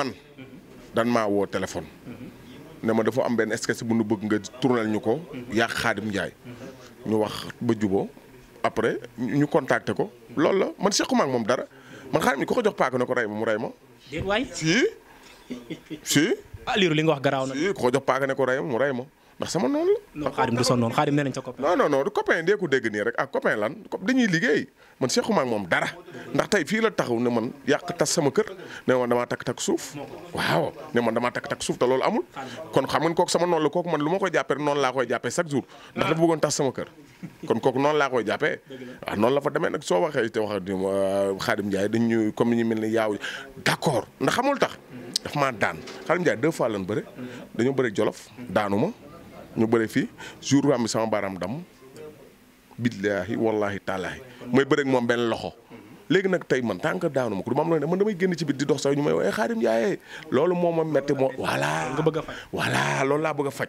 man dan maa woo téléphone ne ma dafa am benn sketch bu nu bëgg nga tournel ñu ko yàq Xaadim Njaay ñu wax ba juboo après ñu contacté ko loolu la man sequma ak moom dara man Xaadim ni ko ko jox paaka ne ko rey ma mu rey ma déet si si Aliou li nga wax garaaw na si ko ko jox paaka ne ko rey ma mu rey ma ndax sama noonu la. non xaadim du son noonu xaadim nee nañ sa copain. non non non du copain dee ko dégg nii rek ah lan dañuy liggéey man seexuma moom dara ndax tey fii la taxaw ne man yàq tas sama kër ne man damaa takk takk suuf waaw ne man damaa takk takk suuf te loolu amul. kon xam nga kooku sama noonu la kooku man lu ma ko jàppee noonu laa koy jàppee chaque jour ndax dafa bëggoon tas sama kër kon kooku noonu la koy jàppee waaw ah, noonu la fa demee nag soo waxee te wax xaadim euh, Ndiaye dañ ñu comme ñu mel ni yaaw d'accord ndax xamul tax mm-hmm. daf maa daan xaadim Ndiaye fois lan bëre mm-hmm. dañoo bëre jolof daanu ma ñu bëre fii jour bi am sama baaraam dam billaahi wallaahi taalaahi mooy bëreeg moom benn loxo. léegi nag tey man tant que daanu ma ko du ma am loo ne man damay génn ci bit di dox sax ñu may woowee xaarim yaayee loolu moo ma metti moo. voilà nga bëgg a faj a faj.